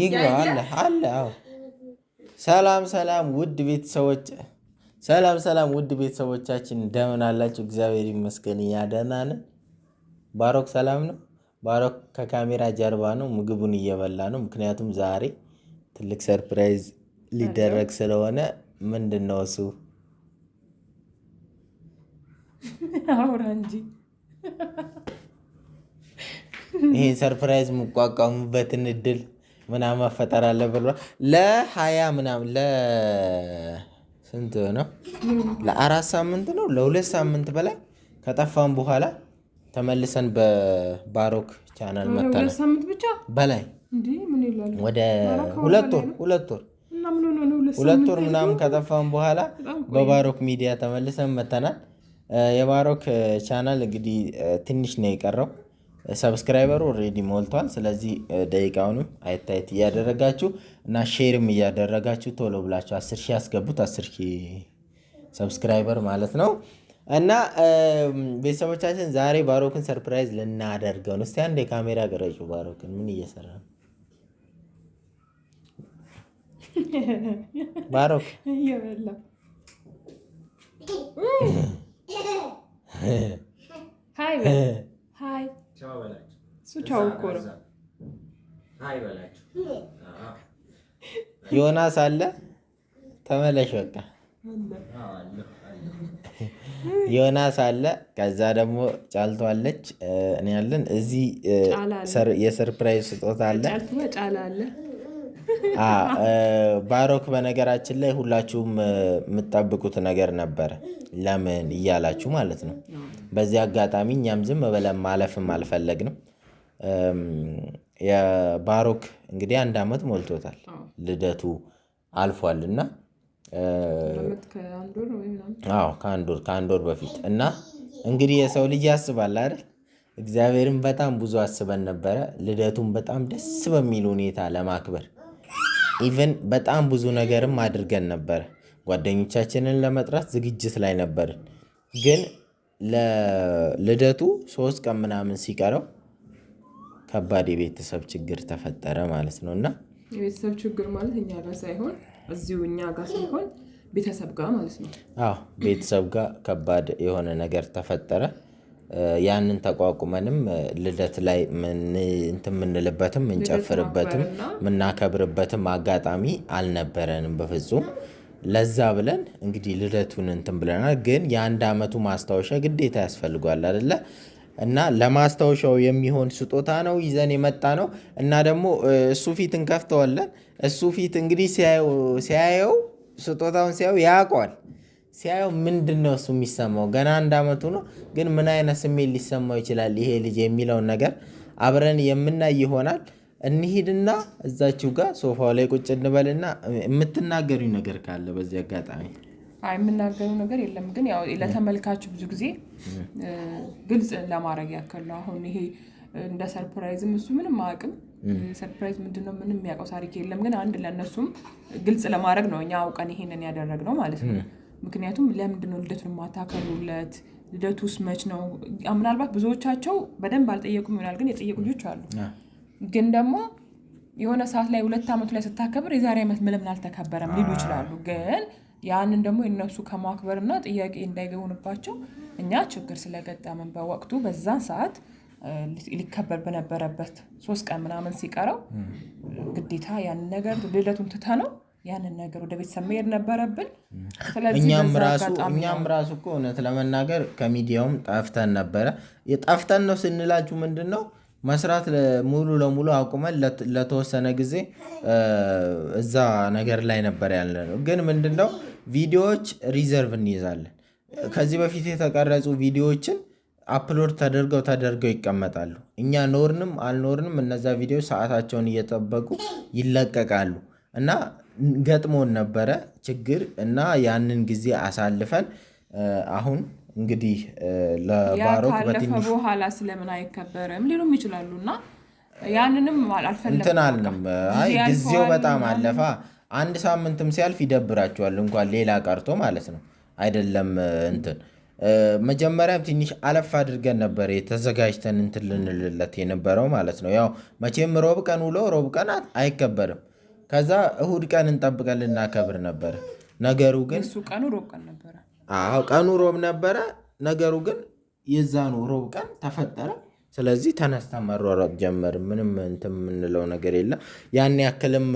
ይግባ አለ አለ። ሰላም ሰላም፣ ውድ ቤተሰቦች ሰላም ሰላም፣ ውድ ቤተሰቦቻችን እንደምን አላችሁ? እግዚአብሔር ይመስገን እኛ ባሮክ ሰላም ነው። ባሮክ ከካሜራ ጀርባ ነው፣ ምግቡን እየበላ ነው። ምክንያቱም ዛሬ ትልቅ ሰርፕራይዝ ሊደረግ ስለሆነ ምንድን ነው እሱ አውራ እንጂ ይህን ሰርፕራይዝ የምቋቋሙበትን እድል ምናምን መፈጠር አለ ብሏል። ለሀያ ምናምን ለስንት ነው ለአራት ሳምንት ነው ለሁለት ሳምንት በላይ ከጠፋም በኋላ ተመልሰን በባሮክ ቻናል መተናል። ሳምንት ብቻ በላይ ወደ ሁለት ወር ሁለት ወር ሁለት ወር ምናምን ከጠፋን በኋላ በባሮክ ሚዲያ ተመልሰን መተናል። የባሮክ ቻናል እንግዲህ ትንሽ ነው የቀረው። ሰብስክራይበሩ ኦልሬዲ ሞልቷል። ስለዚህ ደቂቃውንም አይታየት እያደረጋችሁ እና ሼርም እያደረጋችሁ ቶሎ ብላችሁ አስር ሺህ አስገቡት። አስር ሺህ ሰብስክራይበር ማለት ነው። እና ቤተሰቦቻችን ዛሬ ባሮክን ሰርፕራይዝ ልናደርገው ነው። እስቲ አንድ የካሜራ ገረጩ። ባሮክን ምን እየሰራ ነው? ባሮክ ዮናስ አለ። ተመለሽ በቃ ዮናስ አለ። ከዛ ደግሞ ጫልቷለች እኔ ያለን እዚህ የሰርፕራይዝ ስጦታ አለ። ባሮክ በነገራችን ላይ ሁላችሁም የምትጠብቁት ነገር ነበረ፣ ለምን እያላችሁ ማለት ነው። በዚህ አጋጣሚ እኛም ዝም ብለን ማለፍም አልፈለግንም። የባሮክ እንግዲህ አንድ ዓመት ሞልቶታል፣ ልደቱ አልፏል እና አዎ ከአንድ ወር ከአንድ ወር በፊት እና እንግዲህ የሰው ልጅ ያስባል አይደል? እግዚአብሔርን በጣም ብዙ አስበን ነበረ። ልደቱን በጣም ደስ በሚል ሁኔታ ለማክበር ኢቨን በጣም ብዙ ነገርም አድርገን ነበረ። ጓደኞቻችንን ለመጥራት ዝግጅት ላይ ነበርን። ግን ለልደቱ ሶስት ቀን ምናምን ሲቀረው ከባድ የቤተሰብ ችግር ተፈጠረ ማለት ነው እና የቤተሰብ ችግር ማለት እኛ ጋር ሳይሆን እዚሁ እኛ ጋር ሳይሆን ቤተሰብ ጋር ማለት ነው። አዎ ቤተሰብ ጋር ከባድ የሆነ ነገር ተፈጠረ። ያንን ተቋቁመንም ልደት ላይ እንትን የምንልበትም የምንጨፍርበትም የምናከብርበትም አጋጣሚ አልነበረንም በፍጹም። ለዛ ብለን እንግዲህ ልደቱን እንትን ብለናል። ግን የአንድ ዓመቱ ማስታወሻ ግዴታ ያስፈልጓል አይደለ እና ለማስታወሻው የሚሆን ስጦታ ነው ይዘን የመጣ ነው እና ደግሞ እሱ ፊት እንከፍተዋለን። እሱ ፊት እንግዲህ ሲያየው ስጦታውን ሲያየው ያውቀዋል። ሲያየው ምንድን ነው እሱ የሚሰማው? ገና አንድ አመቱ ነው፣ ግን ምን አይነት ስሜት ሊሰማው ይችላል ይሄ ልጅ የሚለውን ነገር አብረን የምናይ ይሆናል። እንሂድና እዛችሁ ጋር ሶፋው ላይ ቁጭ እንበልና የምትናገሩኝ ነገር ካለ በዚህ አጋጣሚ የምናገረው ነገር የለም ግን ያው ለተመልካች ብዙ ጊዜ ግልጽ ለማድረግ ያክል ነው። አሁን ይሄ እንደ ሰርፕራይዝም እሱ ምንም አያውቅም። ሰርፕራይዝ ምንድነው? ምንም የሚያውቀው ታሪክ የለም። ግን አንድ ለእነሱም ግልጽ ለማድረግ ነው እኛ አውቀን ይሄንን ያደረግነው ማለት ነው። ምክንያቱም ለምንድነው ልደቱን የማታከሉለት ልደቱ ውስጥ መች ነው? ምናልባት ብዙዎቻቸው በደንብ አልጠየቁም ይሆናል፣ ግን የጠየቁ ልጆች አሉ። ግን ደግሞ የሆነ ሰዓት ላይ ሁለት ዓመቱ ላይ ስታከብር የዛሬ ዓመት ምንምን አልተከበረም ሊሉ ይችላሉ ግን ያንን ደግሞ የነሱ ከማክበርና ጥያቄ እንዳይገቡንባቸው እኛ ችግር ስለገጠምን በወቅቱ በዛን ሰዓት ሊከበር በነበረበት ሶስት ቀን ምናምን ሲቀረው ግዴታ ያንን ነገር ልደቱን ነው ያንን ነገር ወደ ቤተሰብ መሄድ ነበረብን። እኛም ራሱ እኮ እውነት ለመናገር ከሚዲያውም ጠፍተን ነበረ። ጠፍተን ነው ስንላችሁ ምንድን ነው መስራት ሙሉ ለሙሉ አቁመን ለተወሰነ ጊዜ እዛ ነገር ላይ ነበር ያለ ነው። ግን ምንድነው ቪዲዮዎች ሪዘርቭ እንይዛለን። ከዚህ በፊት የተቀረጹ ቪዲዮዎችን አፕሎድ ተደርገው ተደርገው ይቀመጣሉ። እኛ ኖርንም አልኖርንም እነዛ ቪዲዮዎች ሰዓታቸውን እየጠበቁ ይለቀቃሉ እና ገጥሞን ነበረ ችግር እና ያንን ጊዜ አሳልፈን አሁን እንግዲህ ለባሮክ በትንሹ በኋላ ስለምን አይከበርም ሊሉም ይችላሉ እና ያንንም እንትን አልንም። አይ ጊዜው በጣም አለፋ። አንድ ሳምንትም ሲያልፍ ይደብራቸዋል፣ እንኳን ሌላ ቀርቶ ማለት ነው። አይደለም እንትን መጀመሪያም ትንሽ አለፍ አድርገን ነበር የተዘጋጅተን እንትን ልንልለት የነበረው ማለት ነው። ያው መቼም ሮብ ቀን ውሎ ሮብ ቀን አይከበርም። ከዛ እሁድ ቀን እንጠብቀን ልናከብር ነበር። ነገሩ ግን እሱ ቀኑ ሮብ ቀን ነበረ። አዎ ቀኑ ሮብ ነበረ። ነገሩ ግን የዛኑ ሮብ ቀን ተፈጠረ። ስለዚህ ተነስተን መሯሯጥ ጀመር። ምንም እንትን የምንለው ነገር የለም። ያን ያክልም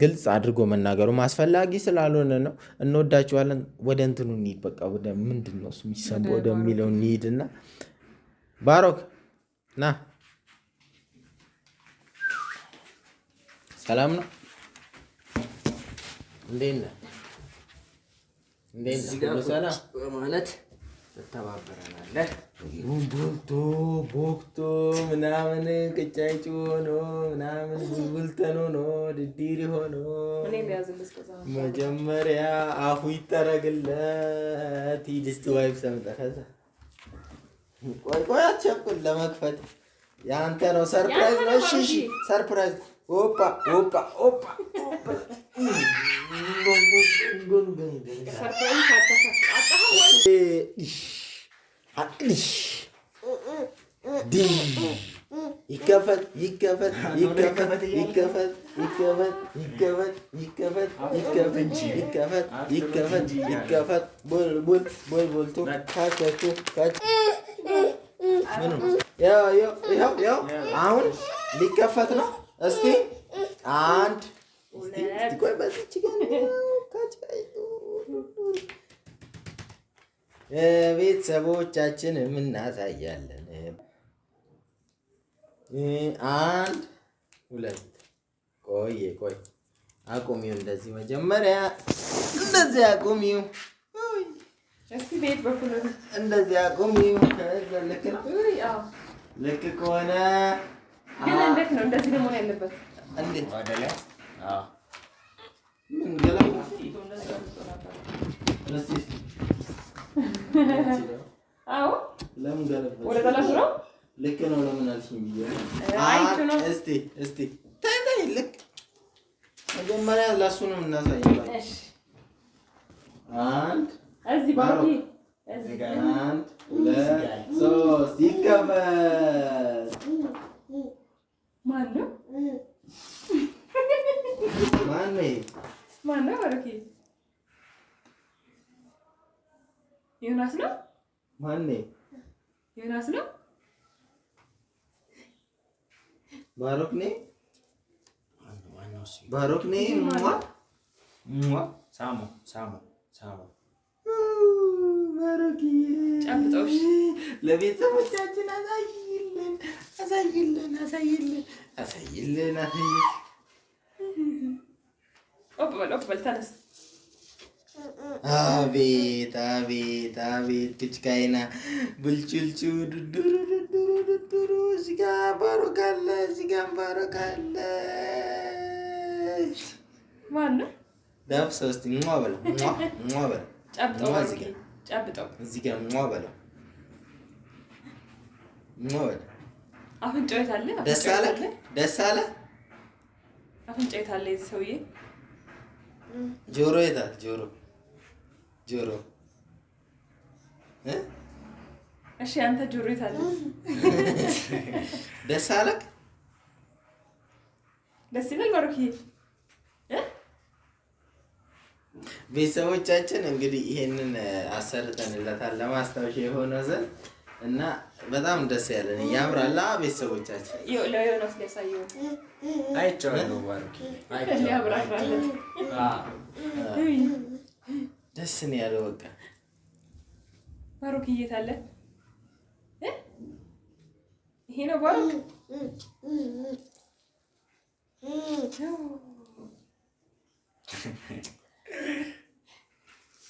ግልጽ አድርጎ መናገሩም አስፈላጊ ስላልሆነ ነው። እንወዳችኋለን። ወደ እንትኑ እንሂድ፣ በቃ ወደ ምንድን ነው እሱ የሚሰማው ወደሚለው እንሂድና ባሮክ ና። ሰላም ነው። እንዴት ነህ? ማለት ትተባበረናለህ። ቦክቶ ምናምን ቅጫጩ ሆኖ ምናምን ቡልተኖ ሆኖ ድዲሪ ሆኖ መጀመሪያ አፉ ይጠረግለት ይድስት ዋይፍ ሰምጠ ከዛ ቆይ ቆይ አትቸኩል ለመክፈት የአንተ ነው ሰርፕራይዝ ነው። እሺ ሰርፕራይዝ Opa, opa, opa, opa. አቅልሽ ዲ ይከፈት ይከፈት ይከፈት ይከፈት ይከፈት ይከፈት ይከፈት ይከፈት ይከፈት ይከፈት ይከፈት ቦልቦል ቦልቦልቶ ካቸቱ ካቸ ያው ያው ያው አሁን ሊከፈት ነው። እስቲ አንድ ቤተሰቦቻችን የምናሳያለን። አንድ ሁለት። ቆይ ቆይ፣ አቁሚው። እንደዚህ መጀመሪያ እንደዚህ አቁሚው፣ እንደዚህ አቁሚው። ልክ ከሆነ ግን እንዴት ነው እንደዚህ ደግሞ ያለበት? እንዴት አይደለ? አዎ ምን ገለብ አዎ ለምን ገለብ ወደ ተላሽ ነው። ልክ ነው። ለምን አልሽኝ ብዬ አይቱ ነው። እስቲ እስቲ ታይ ታይ ልክ መጀመሪያ ለሱ ነው እናሳየው። እሺ አንድ እዚህ ባቲ እዚህ አንድ ሁለት ሶስት ይከፈል ማነው? ማነው? ዮናስ ነው። ማነው? ዮናስ ነው። ባሮክ ነኝ። ባሮክ ነኝ። ሳሞ ሳሙ ሳሙ ባሮክ ለቤተሰቦቻችን አሳይ አሳይልን አሳይልን አሳይልን አሳይልን አሳይልን። ኦፕ በል ኦፕ በል ተነስ። አቤት አቤት አቤት ቅጭቃይና ብልጭልጩ ዱዱሩ ዱዱሩ ዱዱሩ እዚህ ጋ ባሮክ አለ፣ እዚህ ጋ ባሮክ አለ። ማነው ዳፍ ሶስት ሟ በለው ሟ ሟ በለው ጫብጠው እዚህ ጋ ሟ በለው አፍንጫየት አለ ደስ አለ። አለ። የዚህ ሰውዬ ጆሮ የት አለ? ጆሮ ጆሮ እሺ፣ አንተ ጆሮ የት አለ? ደስ አለ። ደስ ይላል። ቤተሰቦቻችን እንግዲህ ይሄንን አሰርተንለታል ለማስታወሻ የሆነ ዘንድ እና በጣም ደስ ያለን ያምራላ። ቤተሰቦቻችን ደስ ነው ያለው። በቃ ባሮክ እየታለ ይሄ ነው ባሮክ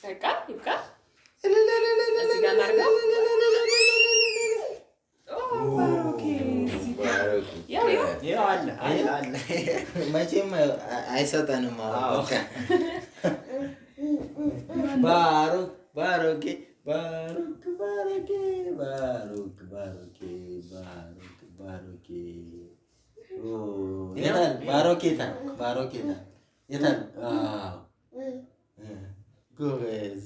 በቃ ይብቃ። ምንም አይሰጠንም። ባሩክ ባሩኬ ባሩክ ባሩኬ ባሩክ ባሩኬ ባሩክ ባሩኬ ባሮኬታ ባሮኬታ የታል ጎበዝ።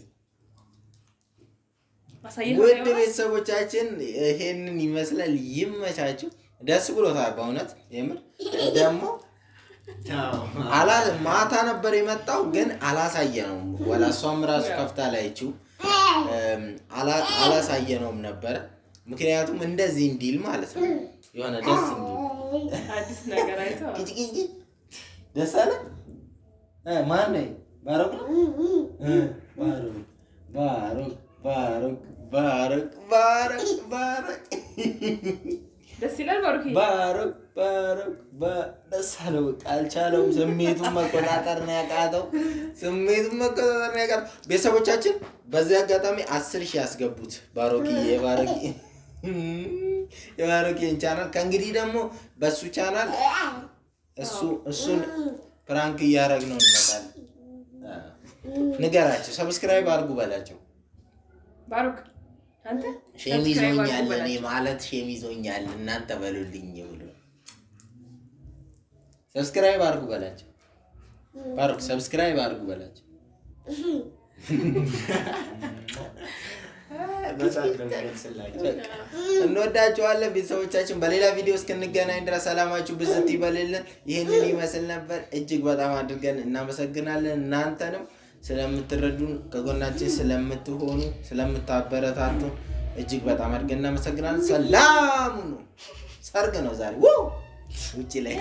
ውድ ቤተሰቦቻችን ይሄንን ይመስላል። ይመቻችሁ። ደስ ብሎታል በእውነት የምር ደግሞ አላ ማታ ነበር የመጣው፣ ግን አላሳየ ነውም ወላ እሷም ራሱ ከፍታ ላይችው አላሳየ ነውም ነበረ። ምክንያቱም እንደዚህ እንዲል ማለት ነው የሆነ ደስ እንዲል አዲስ ነገር አይቶ ደስ አለ። ማን ነኝ? ባሮክ ነው። ባሮክ ባሮክ ባሮክ ባሮክ ባሮክ ደስ ይላል። ባሩክ ባሩክ ባሩክ ደስ አለው። አልቻለውም። ስሜቱን መቆጣጠር ነው ያቃተው። ስሜቱን መቆጣጠር ነው ያቃተው። ቤተሰቦቻችን በዚህ አጋጣሚ አስር ሺህ ያስገቡት ባሩክ የባሩክ የባሩክን ቻናል ከእንግዲህ ደግሞ በእሱ ቻናል እሱ እሱን ፕራንክ እያደረግ ነው እንመጣለን። ንገራቸው፣ ሰብስክራይብ አድርጉ በላቸው ባሩክ ሼም ይዞኛል፣ እኔ ማለት ሼም ይዞኛል። እናንተ በሉልኝ ብሎ ሰብስክራይብ አድርጉ በላቸው። ሰብስክራይብ አድርጉ በላቸው። እንወዳቸዋለን ቤተሰቦቻችን። በሌላ ቪዲዮ እስክንገናኝ ድረስ ሰላማችሁ ብዝት ይበልልን። ይህንን ይመስል ነበር። እጅግ በጣም አድርገን እናመሰግናለን እናንተንም ስለምትረዱን፣ ከጎናችን ስለምትሆኑ፣ ስለምታበረታቱ እጅግ በጣም አድርገን እናመሰግናለን። ሰላም ነው። ሰርግ ነው ዛሬ ውጭ ላይ